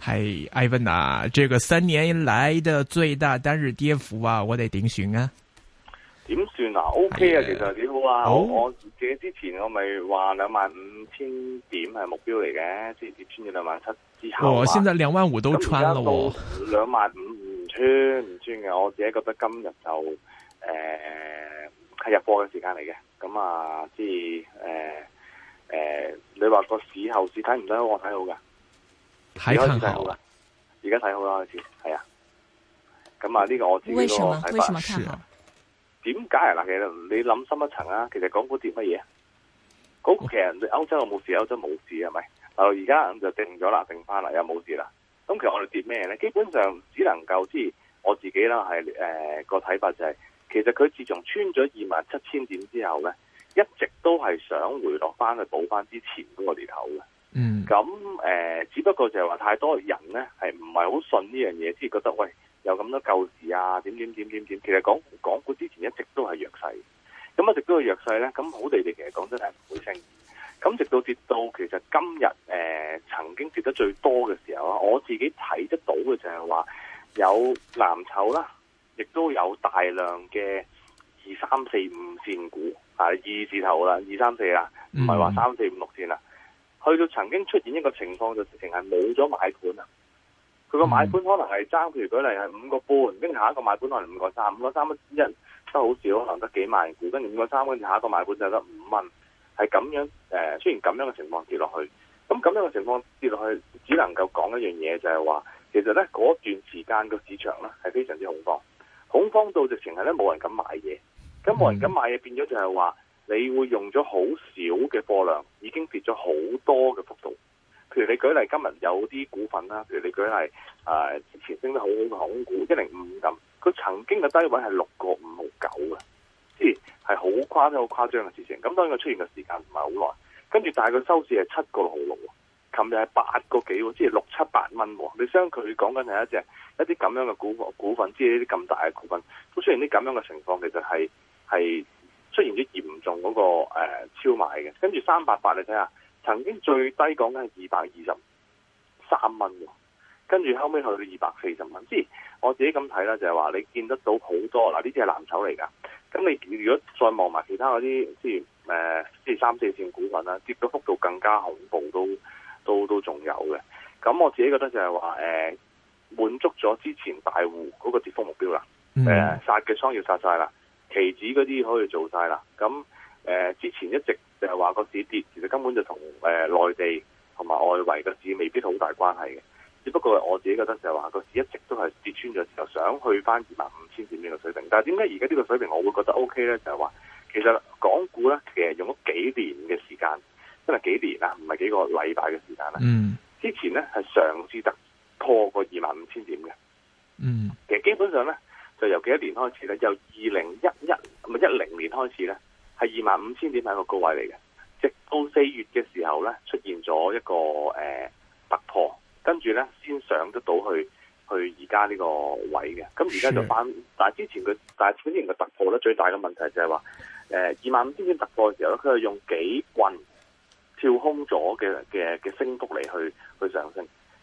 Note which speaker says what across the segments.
Speaker 1: 係，Ivan 啊，這個三年以來的最大單日跌幅啊，我哋點、啊、算啊？
Speaker 2: 點算啊？OK 啊，哎、其實好啊、哦、我自己之前我咪話兩萬五千點係目標嚟嘅，跌、就、跌、是、穿咗兩萬七之後、啊。哦，現在兩萬五都穿啦。兩萬五唔穿唔穿嘅，我自己覺得今就、呃、日就誒係入貨嘅時間嚟嘅。咁、嗯、啊，即係誒誒，你話個市後市睇唔睇好？我睇好噶。而開始睇好啦，而家睇好啦開始，係啊，咁啊呢個我自己個睇法先，點解啊？其實你諗深一層啊，其實港股跌乜嘢？港股其實歐洲有冇事？歐洲冇事係咪？嗱，而家咁就定咗啦，定翻啦，又冇事啦。咁其實我哋跌咩咧？基本上只能夠即係我自己啦，係誒、呃那個睇法就係、是，其實佢自從穿咗二萬七千點之後咧，一直都係想回落翻去補翻之前嗰個裂口嘅。嗯、mm -hmm.，咁、呃、誒，只不過就係話太多人咧，係唔係好信呢樣嘢，先至覺得喂，有咁多舊事啊，點點點點點，其實講港股之前一直都係弱勢，咁一直都係弱勢咧，咁好地地其實講真係唔會升，咁直到跌到其實今日誒、呃，曾經跌得最多嘅時候啊，我自己睇得到嘅就係話有藍籌啦，亦都有大量嘅二三四五綫股，啊，二字頭啦，二三四啊，
Speaker 1: 唔係話三
Speaker 2: 四五六綫啦。Mm -hmm. 去到曾經出現一個情況，就直情係冇咗買盤啊！佢個買盤可能係爭，譬如舉例係五個半，跟住下一個買盤可能五個三、五個三一，都好少，可能得幾萬股，跟住五個三，跟住下一個買盤就得五蚊。係咁樣誒，雖然咁樣嘅情況跌落去，咁咁樣嘅情況跌落去，只能夠講一樣嘢，就係話其實咧嗰段時間個市場咧係非常之恐慌，恐慌到直情係咧冇人敢買嘢，咁冇人敢買嘢，變咗就係話。你會用咗好少嘅貨量，已經跌咗好多嘅幅度。譬如你舉例今日有啲股份啦，譬如你舉例，啊、呃、之前升得好好嘅航空股一零五五咁，佢曾經嘅低位係六個五毫九嘅，即係係好誇張好誇張嘅事情。咁當然佢出現嘅時間唔係好耐，跟住但係收市係七個六毫六喎，琴日係八個幾喎，即係六七八蚊。你相佢講緊係一隻一啲咁樣嘅股股份，即係呢啲咁大嘅股份。咁雖然啲咁樣嘅情況，其實係係。出現啲嚴重嗰、那個、呃、超賣嘅，跟住三八八你睇下，曾經最低講緊係二百二十三蚊嘅，跟住後尾去到二百四十蚊。即係我自己咁睇啦，就係、是、話你見得到好多嗱，呢啲係藍籌嚟㗎。咁你如果再望埋其他嗰啲，即係誒，即係三四線股份啦，跌到幅度更加恐怖都，都都都仲有嘅。咁我自己覺得就係話誒，滿足咗之前大戶嗰個跌幅目標啦，誒、呃、殺嘅倉要殺晒啦。期指嗰啲可以做晒啦，咁誒、呃、之前一直就係話個市跌，其實根本就同誒內地同埋外圍個市未必好大關係嘅，只不過我自己覺得就係話個市一直都係跌穿咗，就想去返二萬五千點呢個水平。但係點解而家呢個水平我會覺得 O K 咧？就係、是、話其實港股咧其實用咗幾年嘅時間，因為幾年啦，唔係幾個禮拜嘅時間啦。
Speaker 1: 嗯，
Speaker 2: 之前咧係上次突破過二萬五千點嘅。嗯，其實基本上咧。就由幾多年開始咧，由二零一一唔係一零年開始咧，係二萬五千點係一個高位嚟嘅，直到四月嘅時候咧，出現咗一個誒突破，跟住咧先上得到去去而家呢個位嘅。咁而家就翻，但係之前佢但係前一年嘅突破咧，最大嘅問題就係話誒二萬五千點突破嘅時候咧，佢係用幾棍跳空咗嘅嘅嘅升幅嚟去。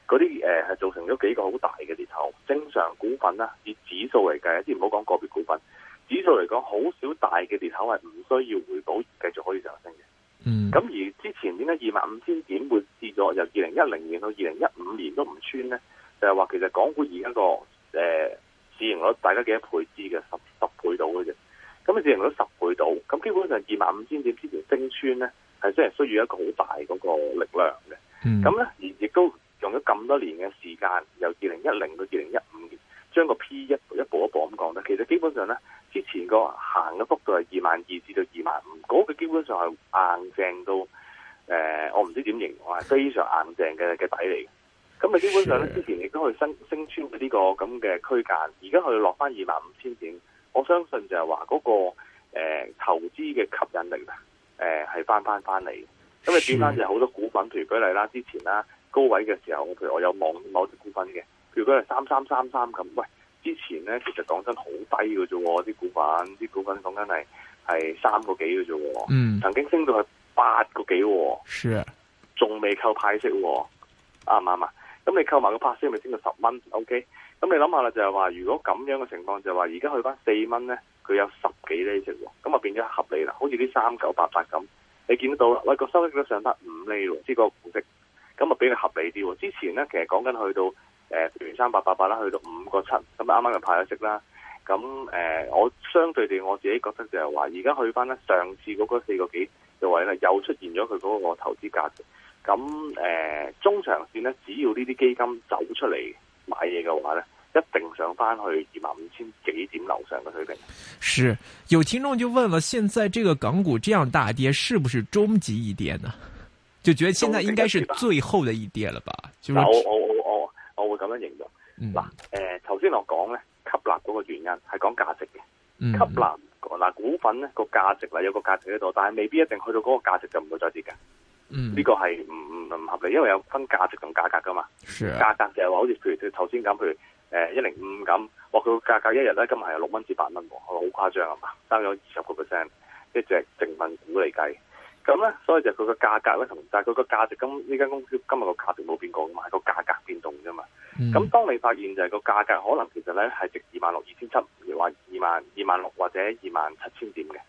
Speaker 2: 嗰啲誒係造成咗幾個好大嘅跌頭。正常股份啦，以指數嚟計，先唔好講個別股份。指數嚟講，好少大嘅跌頭係唔需要回補，繼續可以上升嘅。嗯。咁而之前點解二萬五千點會跌咗，由二零一零年到二零一五年都唔穿呢？就係、是、話其實港股而家個誒、呃、市盈率大家幾多倍至嘅十十倍到嘅啫。咁嘅市盈率十倍到，咁基本上二萬五千點之前升穿呢，係真係需要一個好大嗰個力量嘅。咁、嗯、呢，而亦都。用咗咁多年嘅時間，由二零一零到二零一五年，將個 P 一步一步一步咁降低。其實基本上呢，之前個行嘅幅度係二萬二至到二萬五，嗰個基本上係硬淨到誒、呃，我唔知點形容啊，非常硬淨嘅嘅底嚟。咁啊，基本上呢，之前亦都可以升升穿呢個咁嘅區間，而家去落翻二萬五千點，我相信就係話嗰個誒、呃、投資嘅吸引力啦，誒、呃、係翻翻翻嚟。咁啊，轉翻就好多股份，譬如舉例啦，之前啦。高位嘅時候，譬如我有望某隻股份嘅，譬如果係三三三三咁，喂，之前咧，其實講真好低嘅啫喎，啲股份，啲股份講真係係三個幾嘅啫喎，嗯，曾經升到係八個幾喎、哦，是，仲未扣派息喎、哦，啱唔啱啊？咁你扣埋個派息，咪升到十蚊？O K，咁你諗下啦，就係話如果咁樣嘅情況，就係話而家去翻四蚊咧，佢有十幾厘值喎，咁啊變咗合理啦，好似啲三九八八咁，你見得到啦，喂，個收益都上得五厘喎，即係個股息。咁啊，比你合理啲。之前咧，其實講緊去到誒，連、呃、三八八八啦，去到五個七，咁啱啱就派咗息啦。咁誒、呃，我相對地，我自己覺得就係話，而家去翻咧，上次嗰個四個幾嘅位咧，又出現咗佢嗰個投資價值。咁誒、呃，中長線咧，只要呢啲基金走出嚟買嘢嘅話咧，一定上翻去二萬五千幾點樓上
Speaker 1: 嘅水平。是，有聽眾就問啦，現在這個港股這樣大跌，是不是終極一跌呢？就覺得現在應該是最後嘅一跌了吧？我我我
Speaker 2: 我我會咁樣形容。嗱、嗯，誒，頭先我講咧吸納嗰個原因係講價值嘅，吸納嗱、嗯、股份咧個價值啦，有個價值喺度，但係未必一定去到嗰個價值就唔會再跌㗎。嗯、
Speaker 1: 呢、這
Speaker 2: 個係唔唔唔合理，因為有分價值同價格噶嘛。是。價格就係話，好似譬如頭先咁，譬如誒一零五咁，哇，佢個價格一日咧今日係六蚊至八蚊，好誇張啊嘛，升咗二十個 percent，一隻成分股嚟計。咁咧，所以就佢個價格咧同埋，但係佢個價值今呢間公司今日個價值冇變過，嘛個價格變動啫嘛。咁、嗯、當你發現就係個價格可能其實咧係值二萬六二千七，或二萬二萬六或者二萬七千點嘅，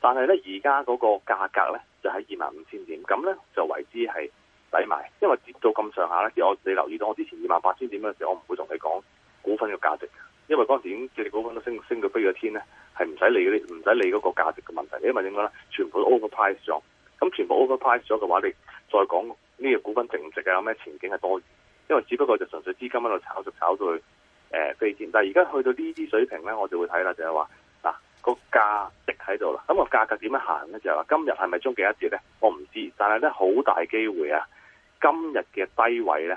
Speaker 2: 但係咧而家嗰個價格咧就喺二萬五千點，咁咧就為之係抵買，因為跌到咁上下咧，我你留意到我之前二萬八千點嘅時候我唔會同你講股份嘅價值，因為嗰陣時已經啲股份都升升到飛咗天咧，係唔使理嗰啲，唔使理嗰個價值嘅問題。你因為點解咧？全部都 over price 咗。咁全部 overprice 咗嘅話，你再講呢個股份值唔值啊？有咩前景係多餘，因為只不過就純粹資金喺度炒就炒到去誒、呃、飛。但係而家去到呢啲水平咧，我就會睇啦、啊啊，就係話嗱個價值喺度啦。咁個價格點樣行咧？就係話今日係咪終極一折咧？我唔知，但係咧好大機會啊！今日嘅低位咧，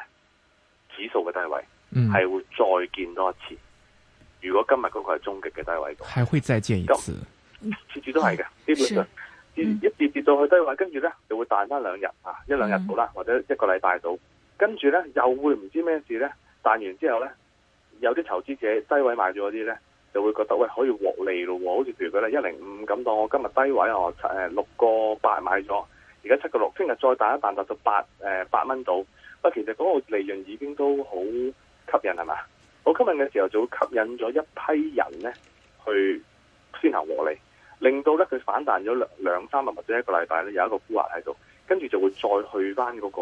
Speaker 2: 指數嘅低位係會再見多一次、嗯。如果今日嗰個係終極嘅低位，還
Speaker 1: 會再見一次，次
Speaker 2: 次都係嘅，基、嗯、本上。嗯、一跌跌到去低位，跟住咧就會彈翻兩日啊，一兩日到啦，或者一個禮拜到。跟住咧又會唔知咩事咧，彈完之後咧，有啲投資者低位買咗啲咧，就會覺得喂可以獲利咯，好似譬如佢咧一零五咁當我今日低位我誒六個八買咗，而家七個六，聽日再彈一彈達到八誒八蚊到，其實嗰個利潤已經都好吸引係嘛？好吸引嘅時候就會吸引咗一批人咧去先行獲利。令到咧佢反彈咗兩,兩三日或者一個禮拜咧有一個沽壓喺度，跟住就會再去翻、那、嗰個、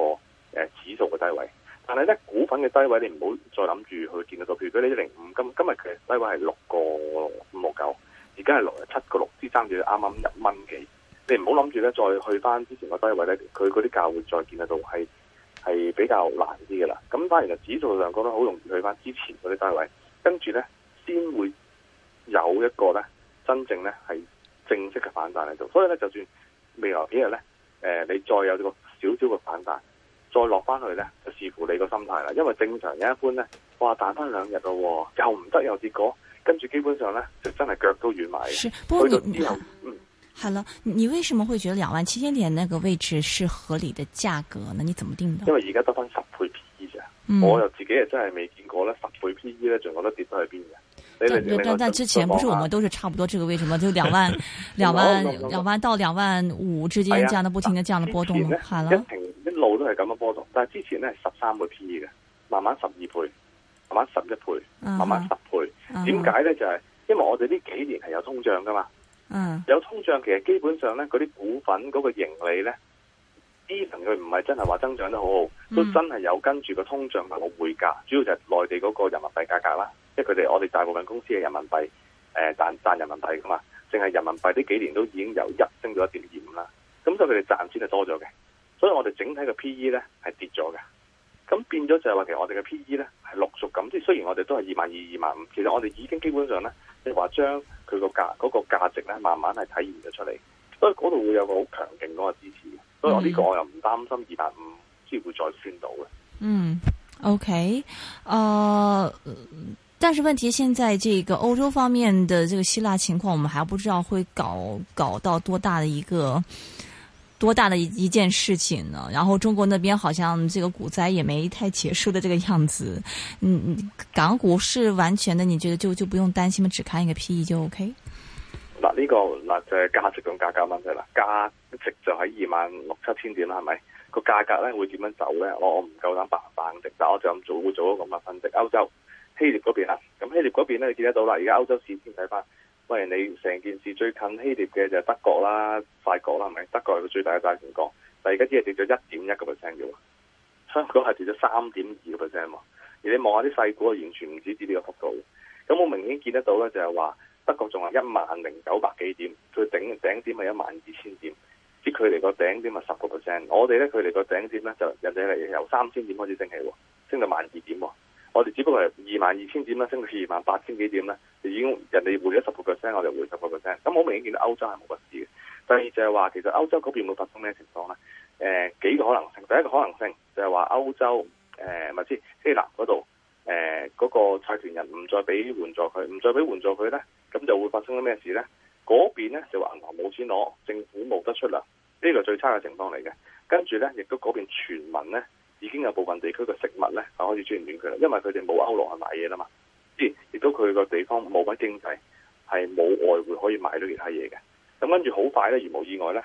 Speaker 2: 呃、指數嘅低位。但係咧，股份嘅低位，你唔好再諗住去見得到。譬如佢你一零五，今今日其實低位係六個五六九，而家係六七個六，支撐住啱啱一蚊幾。你唔好諗住咧再去翻之前嘅低位咧，佢嗰啲價會再見得到，係係比較難啲嘅啦。咁反而就指數上覺得好容易去翻之前嗰啲低位，跟住咧先會有一個咧真正咧係。正式嘅反彈喺度，所以咧就算未來幾日咧，誒、呃，你再有呢個少少嘅反彈，再落翻去咧，就視乎你個心態啦。因為正常嘅一般咧，哇，彈翻兩日咯，又唔得又跌過，跟住基本上咧就真係腳都軟埋嘅。是，不過你，你嗯
Speaker 3: 係啦，你為什麼會覺得兩萬七千點那個位置是合理的價格呢？你怎麼定呢？因為
Speaker 2: 而家得翻十倍 P E 啫，我又自己係真係未見過咧，十倍 P E 咧，仲覺得跌得去邊嘅？
Speaker 3: 但但但之前不是我們都是差不多這個位置嘛，就兩萬兩萬兩萬到兩萬五之間降的不停的降的波動嗎？好了， 一,
Speaker 2: 一路都係咁樣波動，但係之前咧十三倍 PE 嘅，慢慢十二倍，慢慢十一倍，慢慢十倍。點解咧？就係、啊、因為我哋呢幾年係有通脹噶嘛，嗯、啊，有通脹其實基本上咧嗰啲股份嗰個盈利咧，即使佢唔係真係話增長得很好好、嗯，都真係有跟住個通脹嚟個匯價，主要就係內地嗰個人民幣價格啦。即係佢哋，我哋大部分公司嘅人民幣誒賺賺人民幣噶嘛，淨係人民幣呢幾年都已經由一升到一點二五啦，咁所以佢哋賺錢係多咗嘅，所以我哋整體嘅 P E 咧係跌咗嘅，咁變咗就係話，其實我哋嘅 P E 咧係陸續咁，即係雖然我哋都係二萬二二萬五，其實我哋已經基本上咧，即係話將佢個價嗰個價值咧，慢慢係體現咗出嚟，所以嗰度會有個好強勁嗰個支持，所以我呢個我又唔擔心二萬五先會再穿到嘅。嗯、
Speaker 3: mm -hmm. mm -hmm.，OK，誒、uh...。但是問題現在這個歐洲方面的這個希臘情況，我們還不知道會搞搞到多大的一個多大的一件事情呢。然後中國那邊好像這個股災也沒太結束的這個樣子。嗯嗯，港股是完全的，你覺得就就不用擔心嗎？只看一個 PE 就 OK？
Speaker 2: 那、這、呢個那、這個、就係價值咁價格問題啦。價值就喺二萬六七千點啦，係咪？個價格咧會點樣走咧？我我唔夠膽白行分析，但我就咁做，會做一個咁嘅分析。歐洲希臘嗰邊啊，咁希臘嗰邊咧，你見得到啦。而家歐洲市先睇翻，喂，你成件事最近希臘嘅就係德國啦、法國啦，係咪？德國係個最大嘅債權人國，但係而家只係跌咗一點一個 percent 啫。香港係跌咗三點二個 percent 喎。而你望下啲細股啊，完全唔止止呢個幅度。咁我明顯見得到咧，就係話德國仲係一萬零九百幾點，最頂頂點係一萬二千點，即係佢離個頂點咪十個 percent。我哋咧，佢離個頂點咧就人哋係由三千點開始升起，升到萬二點。我哋只不過係二萬二千點啦，升到去二萬八千幾點咧，已經人哋回咗十個 percent，我就回十個 percent。咁好明顯見到歐洲係冇乜事嘅。但係就係、是、話，其實歐洲嗰邊會發生咩情況咧？誒、呃、幾個可能性，第一個可能性就係、是、話歐洲誒咪先，希臘嗰度誒嗰個債權人唔再俾援助佢，唔再俾援助佢咧，咁就會發生咗咩事咧？嗰邊咧就話銀行冇錢攞，政府冇得出糧，呢、這個最差嘅情況嚟嘅。跟住咧，亦都嗰邊全民咧。已經有部分地區嘅食物咧，就開始出現短缺啦，因為佢哋冇歐羅去買嘢啦嘛，即係亦都佢個地方冇乜經濟，係冇外匯可以買到其他嘢嘅。咁跟住好快咧，如無意外咧，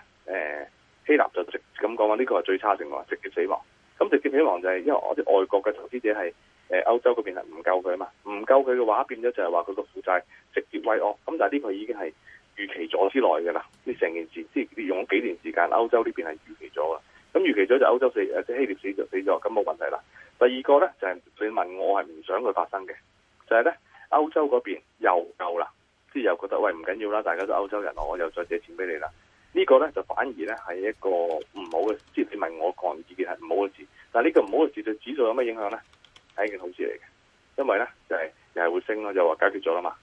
Speaker 2: 誒希臘就直咁講話，呢個係最差之外，直接死亡。咁直接死亡就係因為我啲外國嘅投資者係誒歐洲嗰邊係唔救佢啊嘛，唔救佢嘅話，變咗就係話佢個負債直接威壓。咁但係呢個已經係預期咗之內嘅啦，你成件事，即係你用咗幾年時間，歐洲呢邊係預期咗嘅。咁預期咗就歐洲死，誒即係希臘死就死咗，咁冇問題啦。第二個咧就係你問我係唔想佢發生嘅，就係咧歐洲嗰邊又夠啦，即係又覺得喂唔緊要啦，大家都歐洲人，我又再借錢俾你啦。呢個咧就反而咧係一個唔好嘅，即係你問我個人意見係唔好嘅事。但係呢個唔好嘅事對指數有咩影響咧？係一件好事嚟嘅，因為咧就係又係會升咯，就話解決咗啦嘛。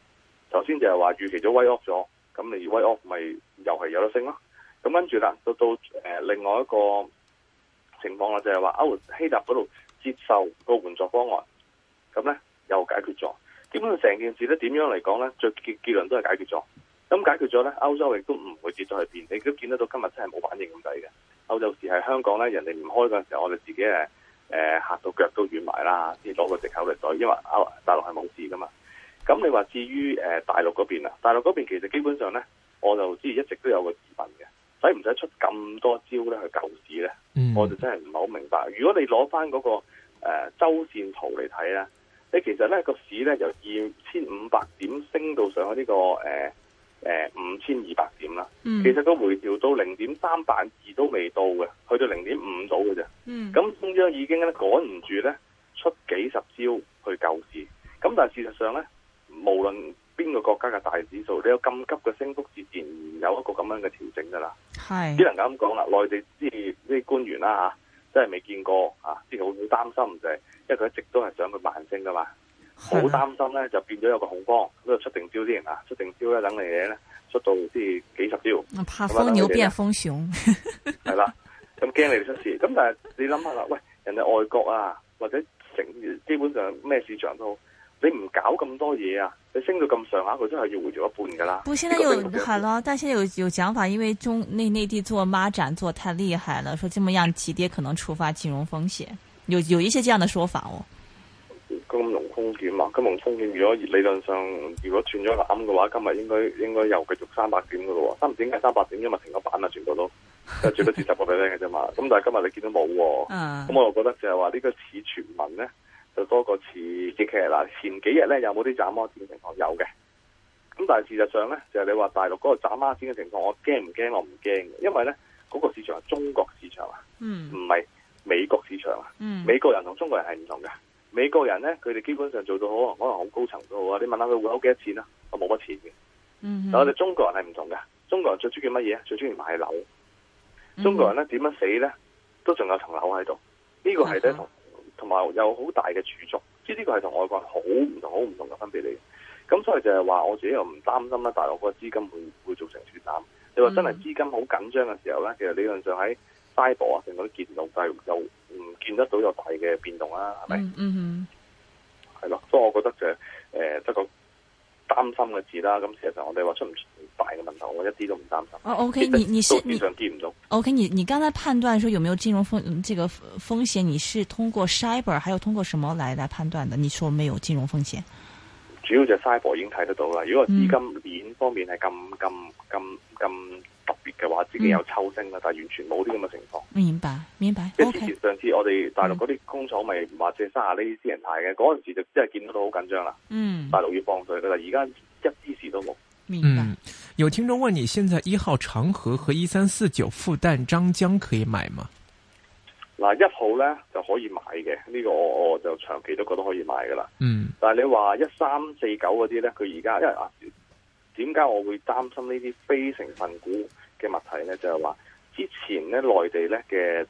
Speaker 2: 頭先就係話預期咗威壓咗，咁你威壓咪又係有得升咯。咁跟住啦，到到誒另外一個情況啦，就係話歐希臘嗰度接受個援助方案，咁咧又解決咗。基本上成件事咧點樣嚟講咧，最結論都係解決咗。咁解決咗咧，歐洲亦都唔會跌咗去邊。你都見得到今日真係冇反應咁滯嘅。歐洲時係香港咧，人哋唔開嗰陣時候，我哋自己誒誒嚇到腳都軟埋啦，先攞個藉口嚟對。因為歐大陸係冇事噶嘛。咁你話至於誒大陸嗰邊啊，大陸嗰邊其實基本上咧，我就知一直都有個疑問嘅。使唔使出咁多招咧去救市咧？我就真係唔係好明白。如果你攞翻嗰個誒、呃、週線圖嚟睇咧，你其實咧個市咧由二千五百點升到上去呢個誒誒五千二百點啦、嗯。其實個回調到零點三百二都未到嘅，去到零點五度嘅啫。咁中央已經咧趕唔住咧出幾十招去救市。咁但係事實上咧，無論邊個國家嘅大指數，你有咁急嘅升幅，自然有一個咁樣嘅調整噶啦。係，只能夠咁講啦。內地即係啲官員啦吓、啊，真係未見過啊，即係好擔心，就係因為佢一直都係想去慢升噶嘛，好擔心咧就變咗有個恐慌，咁就出定招先啊，出定招咧等你咧，出到即係幾十招。
Speaker 3: 怕瘋牛變、啊、瘋熊，
Speaker 2: 係 啦，咁驚你哋出事。咁但係你諗下啦，喂，人哋外國啊，或者成基本上咩市場都好。你唔搞咁多嘢啊！你升到咁上下，佢真係要回咗一半噶啦。不，現在有、這個、有好
Speaker 3: 咯，但係現在有有講法，因為中內內地做孖展做太厲害了，說這麼樣急跌可能觸發金融風險，有有一些這樣的說法哦。
Speaker 2: 金融風險嘛，金融風險如果理論上如果轉咗個暗嘅話，今日應該應該又繼續三百點噶咯，三點介三百點，因為了了 嘛今日停咗板啊，全部都即係最多跌十個 percent 嘅啫嘛。咁但係今日你見到冇，咁我又覺得就係話、這個、呢個市傳聞咧。就多個刺其嘅嗱，前幾日咧有冇啲斬孖展嘅情況有嘅，咁但係事實上咧，就係、是、你話大陸嗰個斬孖展嘅情況，我驚唔驚？我唔驚嘅，因為咧嗰、那個市場係中國市場啊，唔、嗯、係美國市場啊、嗯，美國人同中國人係唔同嘅。美國人咧，佢哋基本上做到好可能很高層、好高層都好啊，你問下佢會嘔幾多錢啦、啊，我冇乜錢嘅。嗯，但我哋中國人係唔同嘅，中國人最中意乜嘢啊？最中意買樓。中國人咧點樣死咧？都仲有層樓喺度，這個、是呢個係第一同。嗯同埋有好大嘅儲蓄，即係呢個係同外國好唔同、好唔同嘅分別嚟嘅。咁所以就係話，我自己又唔擔心啦。大陸嗰個資金會會造成絕巔。你話真係資金好緊張嘅時候咧，嗯、其實理論上喺西博啊，成個啲建築費又唔見得到有大嘅變動啦，係咪？嗯嗯。係咯，所以我覺得就誒得個。呃擔心嘅字啦，咁其實我哋話出唔大嘅問題，我一啲都唔擔心。哦，OK，你你是你面上見唔
Speaker 3: 到。OK，你你剛才判斷說有沒有金融風，這個風險，你是通過 Cyber 還有通過什麼來來判斷的？你說沒有金融風險，
Speaker 2: 主要就 Cyber 已經睇得到啦。如果資金鏈方面係咁咁咁咁。嗯嘅話，自己有抽升啦，但係完全冇啲咁嘅情況。
Speaker 3: 明白，明白。
Speaker 2: 之前上次我哋大陸嗰啲工廠咪話借三廿厘私人貸嘅，嗰陣時就真係見到到好緊張啦。嗯，大陸要放水啦，而家一啲事都冇。明白。
Speaker 1: 嗯、有聽眾問你，你現在一號長河和一三四九復旦張江可以買嗎？
Speaker 2: 嗱、嗯，一號咧就可以買嘅，呢、呢個我我就長期都覺得可以買噶啦。嗯。但係你話一三四九嗰啲咧，佢而家因為啊，點解我會擔心呢啲非成分股？嘅物體咧，就係、是、話之前咧，內地咧嘅、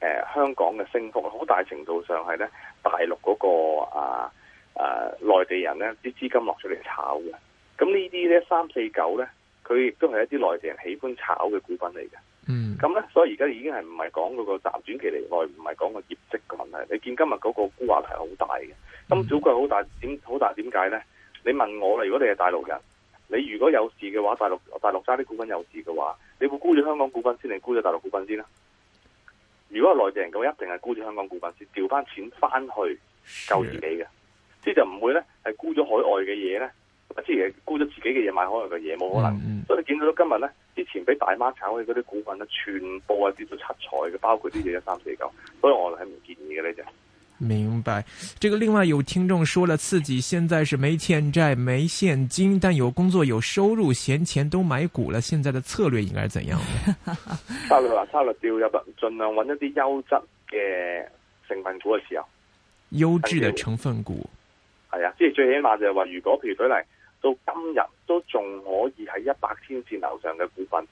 Speaker 2: 呃、香港嘅升幅，好大程度上係咧大陸嗰、那個啊啊內地人咧啲資金落出嚟炒嘅。咁呢啲咧三四九咧，佢亦都係一啲內地人喜歡炒嘅股份嚟嘅。嗯，咁咧，所以而家已經係唔係講嗰個暫短期嚟講，唔係講個業績嘅問題。你見今日嗰個沽話題係好大嘅，咁小計好大點好、嗯、大點解咧？你問我啦，如果你係大陸人，你如果有事嘅話，大陸大陸揸啲股份有事嘅話。你會沽咗香港股份先定沽咗大陸股份先啦？如果係內地人嘅話，一定係沽咗香港股份先，調翻錢翻去救自己嘅，即係就唔會咧係沽咗海外嘅嘢咧，即係沽咗自己嘅嘢買海外嘅嘢冇可能，所以你見到到今日咧，之前俾大媽炒嘅嗰啲股份咧，全部係跌到七彩嘅，包括啲嘢一三四九，所以我係唔建議嘅呢隻。這個
Speaker 1: 明白，這個另外有聽眾說了，自己現在是沒欠債、沒現金，但有工作、有收入，閒錢都買股了。現在的策略應該係怎樣？
Speaker 2: 策略話調入盡量搵一啲優質嘅成分股嘅時候，
Speaker 1: 優質的成分股
Speaker 2: 係啊，即、嗯、係最起碼就係話，如果譬如舉例到今日都仲可以喺一百天線樓上嘅股份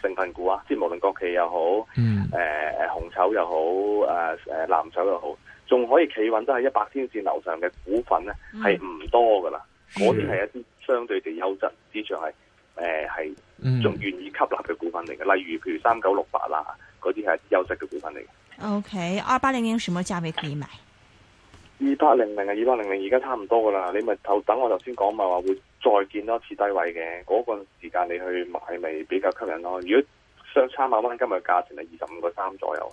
Speaker 2: 成分股啊，即係無論國企又好，誒、呃、誒紅籌又好，誒、呃、誒藍籌又好。呃仲可以企穩都係一百天線樓上嘅股份咧，係唔多噶啦。嗰啲係一啲相對地優質，市場係誒係仲願意吸納嘅股份嚟嘅。例如，譬如三九六八啦，嗰啲係優質嘅股份嚟嘅。
Speaker 3: O K，二八零零什麼價位可以買？二八零
Speaker 2: 零啊，二八零零而家差唔多噶啦。你咪頭等我頭先講咪話會再見多次低位嘅，嗰個時間你去買咪比較吸引咯。如果相差萬蚊，今日價錢係二十五個
Speaker 1: 三左右。